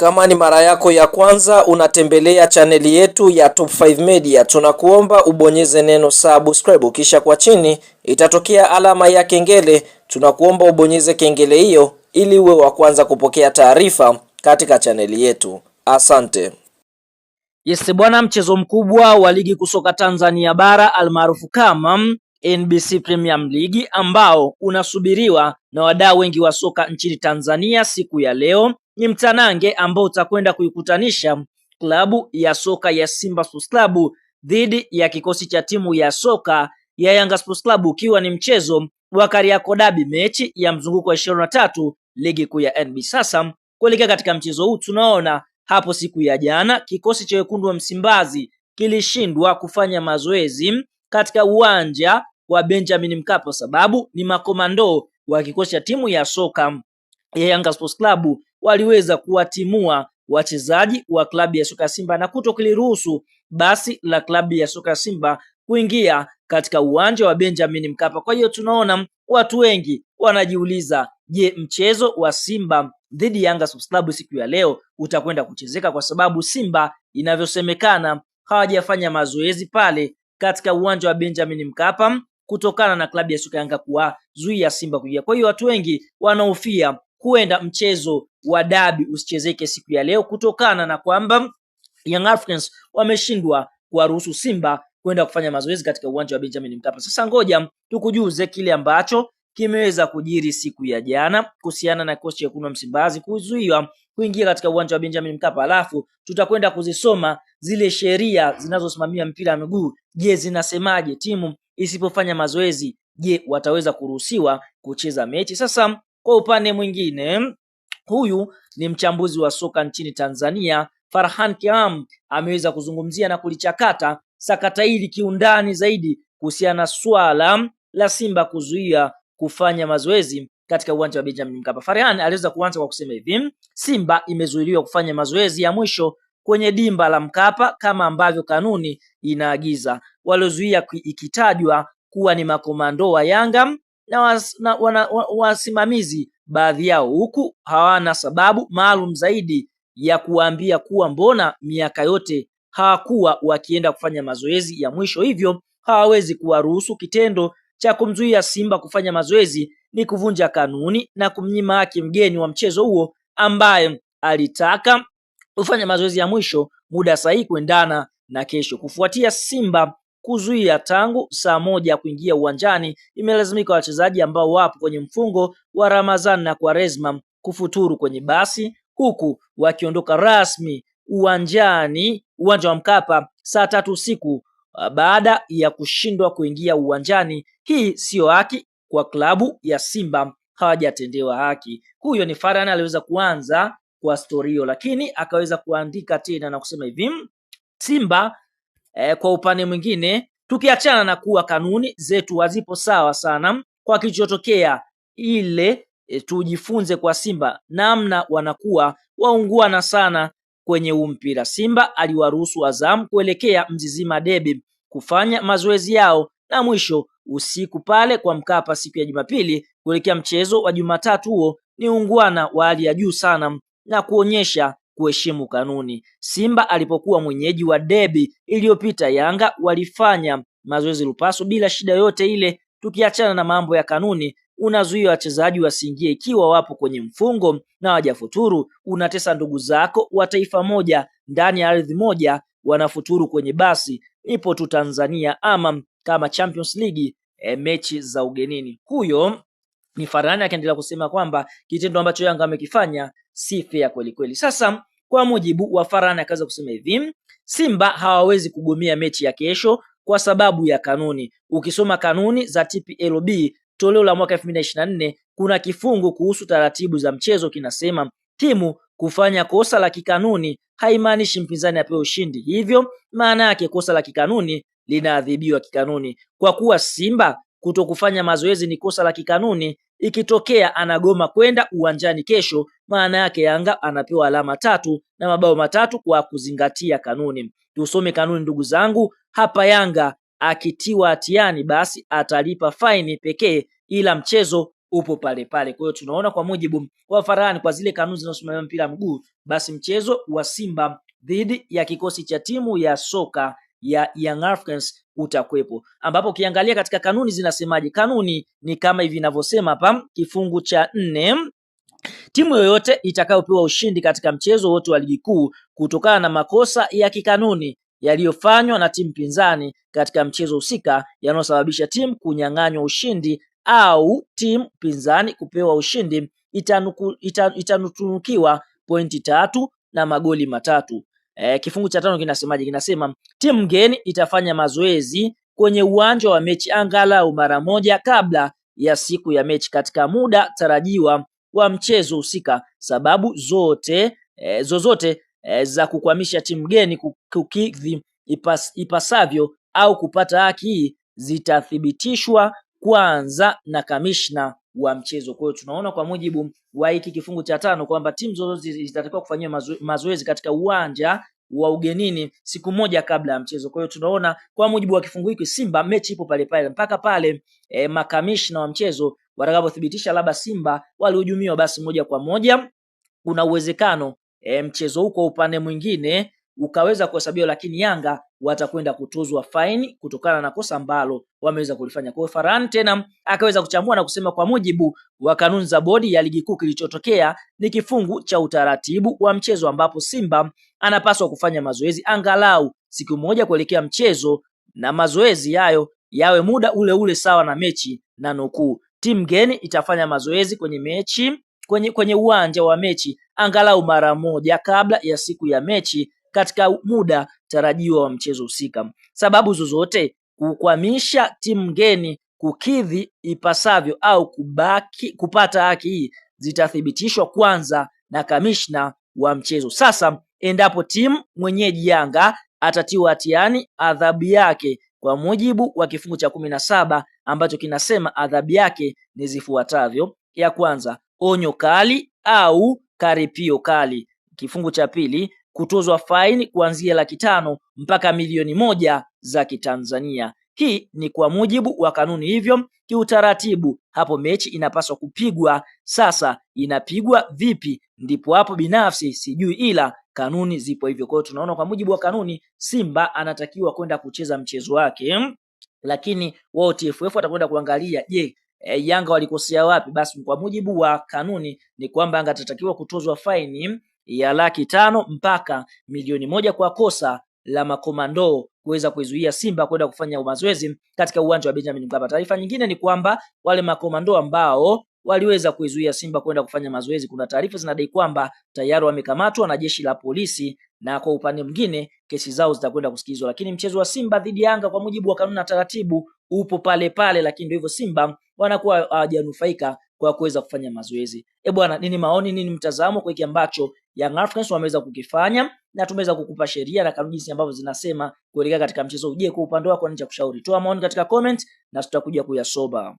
Kama ni mara yako ya kwanza unatembelea chaneli yetu ya Top 5 Media, tunakuomba ubonyeze neno subscribe, kisha kwa chini itatokea alama ya kengele. Tunakuomba ubonyeze kengele hiyo ili uwe wa kwanza kupokea taarifa katika chaneli yetu. Asante. Yes bwana, mchezo mkubwa wa ligi kusoka Tanzania bara almaarufu kama NBC Premium League ambao unasubiriwa na wadau wengi wa soka nchini Tanzania siku ya leo ni mtanange ambao utakwenda kuikutanisha klabu ya soka ya Simba Sports Club dhidi ya kikosi cha timu ya soka ya Yanga Sports Club, ukiwa ni mchezo wa Kariakoo Derby, mechi ya mzunguko wa ishirini na tatu ligi kuu ya NBC. Sasa kuelekea katika mchezo huu, tunaona hapo siku ya jana kikosi cha wekundu wa Msimbazi kilishindwa kufanya mazoezi katika uwanja wa Benjamin Mkapa, sababu ni makomando wa kikosi cha timu ya soka ya Yanga Sports Club waliweza kuwatimua wachezaji wa klabu ya soka Simba na kuto basi la klabu ya soka Simba kuingia katika uwanja wa Benjamin Mkapa. Kwa hiyo tunaona watu wengi wanajiuliza, je, mchezo wa Simba dhidi ya Yanga Sports Club siku ya leo utakwenda kuchezeka? Kwa sababu Simba inavyosemekana hawajafanya mazoezi pale katika uwanja wa Benjamin Mkapa kutokana na klabu ya soka Yanga kuwazuia Simba kuingia. Kwa hiyo watu wengi wanahofia huenda mchezo wa dabi usichezeke siku ya leo kutokana na kwamba Young Africans wameshindwa kuwaruhusu Simba kwenda kufanya mazoezi katika uwanja wa Benjamin Mkapa. Sasa ngoja tukujuze kile ambacho kimeweza kujiri siku ya jana kuhusiana na kikosi cha Wekundu wa Msimbazi kuzuiwa kuingia katika uwanja wa Benjamin Mkapa, alafu tutakwenda kuzisoma zile sheria zinazosimamia mpira wa miguu. Je, zinasemaje? Timu isipofanya mazoezi, je, wataweza kuruhusiwa kucheza mechi? Sasa kwa upande mwingine, huyu ni mchambuzi wa soka nchini Tanzania Farhan Kiam ameweza kuzungumzia na kulichakata sakata hili kiundani zaidi kuhusiana na swala la Simba kuzuia kufanya mazoezi katika uwanja wa Benjamin Mkapa. Farhan aliweza kuanza kwa kusema hivi, Simba imezuiliwa kufanya mazoezi ya mwisho kwenye dimba la Mkapa kama ambavyo kanuni inaagiza. Waliozuia ikitajwa kuwa ni makomando wa Yanga, na, was, na wana, wasimamizi baadhi yao, huku hawana sababu maalum zaidi ya kuwaambia kuwa mbona miaka yote hawakuwa wakienda kufanya mazoezi ya mwisho, hivyo hawawezi kuwaruhusu. Kitendo cha kumzuia Simba kufanya mazoezi ni kuvunja kanuni na kumnyima haki mgeni wa mchezo huo ambaye alitaka kufanya mazoezi ya mwisho muda sahihi kuendana na kesho. Kufuatia Simba kuzuia tangu saa moja kuingia uwanjani, imelazimika wachezaji ambao wapo kwenye mfungo wa Ramadhan na Kwaresma kufuturu kwenye basi huku wakiondoka rasmi uwanjani uwanja wa Mkapa saa tatu usiku uh, baada ya kushindwa kuingia uwanjani. Hii siyo haki kwa klabu ya Simba, hawajatendewa haki. Huyo ni Faran aliweza kuanza kwa storio, lakini akaweza kuandika tena na kusema hivi Simba E, kwa upande mwingine tukiachana na kuwa kanuni zetu hazipo sawa sana kwa kilichotokea ile e, tujifunze kwa Simba namna wanakuwa waungwana sana kwenye huu mpira. Simba aliwaruhusu Azam kuelekea Mzizima Debi kufanya mazoezi yao na mwisho usiku pale kwa Mkapa siku ya Jumapili kuelekea mchezo wa Jumatatu. Huo ni ungwana wa hali ya juu sana na kuonyesha kuheshimu kanuni. Simba alipokuwa mwenyeji wa debi iliyopita, Yanga walifanya mazoezi lupaso bila shida yote ile. Tukiachana na mambo ya kanuni, unazuia wachezaji wasiingie ikiwa wapo kwenye mfungo na wajafuturu. Unatesa ndugu zako wa taifa moja ndani ya ardhi moja, wanafuturu kwenye basi. Ipo tu Tanzania ama kama Champions League e, mechi za ugenini. Huyo ni Farhani akiendelea kusema kwamba kitendo ambacho Yanga amekifanya si fair kweli kweli. Sasa kwa mujibu wa Farhan, akaweza kusema hivi, Simba hawawezi kugomea mechi ya kesho kwa sababu ya kanuni. Ukisoma kanuni za TPLB toleo la mwaka 2024 kuna kifungu kuhusu taratibu za mchezo kinasema, timu kufanya kosa la kikanuni haimaanishi mpinzani apewe ushindi, hivyo maana yake kosa la kikanuni linaadhibiwa kikanuni. Kwa kuwa Simba kuto kufanya mazoezi ni kosa la kikanuni, ikitokea anagoma kwenda uwanjani kesho, maana yake Yanga anapewa alama tatu na mabao matatu kwa kuzingatia kanuni. Tusome kanuni ndugu zangu hapa. Yanga akitiwa hatiani, basi atalipa faini pekee, ila mchezo upo pale pale. Kwa hiyo tunaona kwa mujibu wa Farahani, kwa zile kanuni zinazosimamia mpira mguu, basi mchezo wa Simba dhidi ya kikosi cha timu ya soka ya Young Africans utakwepo, ambapo ukiangalia katika kanuni zinasemaje? Kanuni ni kama hivi inavyosema hapa, kifungu cha nne Timu yoyote itakayopewa ushindi katika mchezo wote wa ligi kuu kutokana na makosa ya kikanuni yaliyofanywa na timu pinzani katika mchezo husika yanayosababisha timu kunyang'anywa ushindi au timu pinzani kupewa ushindi itanuku, itan, itanutunukiwa pointi tatu na magoli matatu. E, kifungu cha tano kinasemaje? Kinasema timu mgeni itafanya mazoezi kwenye uwanja wa mechi angalau mara moja kabla ya siku ya mechi katika muda tarajiwa wa mchezo husika. Sababu zote e, zozote e, za kukwamisha timu geni kukidhi ipas, ipasavyo au kupata haki hii zitathibitishwa kwanza na kamishna wa mchezo. Kwa hiyo tunaona kwa mujibu wa hiki kifungu cha tano kwamba timu zozote zitatakiwa kufanyiwa mazoezi katika uwanja wa ugenini siku moja kabla ya mchezo. Kwa hiyo tunaona kwa mujibu wa kifungu hiki Simba mechi ipo pale pale mpaka pale e, makamishna wa mchezo watakapothibitisha labda Simba walihujumiwa, basi moja kwa moja kuna uwezekano e, mchezo huko kwa upande mwingine ukaweza kuhesabiwa, lakini Yanga watakwenda kutozwa faini kutokana na kosa ambalo wameweza kulifanya. Kwa hiyo Farhan tena akaweza kuchambua na kusema kwa mujibu wa kanuni za bodi ya ligi kuu kilichotokea ni kifungu cha utaratibu wa mchezo, ambapo Simba anapaswa kufanya mazoezi angalau siku moja kuelekea mchezo na mazoezi hayo yawe muda ule ule sawa na mechi na nukuu timu geni itafanya mazoezi kwenye mechi kwenye, kwenye uwanja wa mechi angalau mara moja kabla ya siku ya mechi katika muda tarajiwa wa mchezo husika. Sababu zozote kukwamisha timu geni kukidhi ipasavyo au kubaki kupata haki hii zitathibitishwa kwanza na kamishna wa mchezo. Sasa endapo timu mwenyeji Yanga atatiwa hatiani, adhabu yake kwa mujibu wa kifungu cha kumi na saba ambacho kinasema adhabu yake ni zifuatavyo: ya kwanza, onyo kali au karipio kali. Kifungu cha pili, kutozwa faini kuanzia laki tano mpaka milioni moja za Kitanzania. Hii ni kwa mujibu wa kanuni, hivyo kiutaratibu hapo mechi inapaswa kupigwa. Sasa inapigwa vipi? Ndipo hapo binafsi sijui, ila Kanuni zipo hivyo. Kwa hiyo tunaona kwa mujibu wa kanuni Simba anatakiwa kwenda kucheza mchezo wake, lakini wao TFF watakwenda kuangalia je, e, Yanga walikosea wapi? Basi kwa mujibu wa kanuni ni kwamba Yanga atatakiwa kutozwa faini ya laki tano mpaka milioni moja kwa kosa la makomando kuweza kuizuia Simba kwenda kufanya mazoezi katika uwanja wa Benjamin Mkapa. Taarifa nyingine ni kwamba wale makomando ambao waliweza kuizuia Simba kwenda kufanya mazoezi. Kuna taarifa zinadai kwamba tayari wamekamatwa na jeshi la polisi, na kwa upande mwingine kesi zao zitakwenda kusikizwa, lakini mchezo wa Simba dhidi ya Yanga kwa mujibu wa kanuni na taratibu upo pale pale, lakini ndio hivyo, Simba wanakuwa hawajanufaika kwa kuweza kufanya mazoezi. E bwana, nini maoni, nini mtazamo kwa hiki ambacho Young Africans wameweza kukifanya, na tumeweza kukupa sheria na kanuni jinsi ambavyo zinasema kuelekea katika mchezo. Je, kwa upande wako nini cha kushauri? Toa maoni katika comment na tutakuja kuyasoma.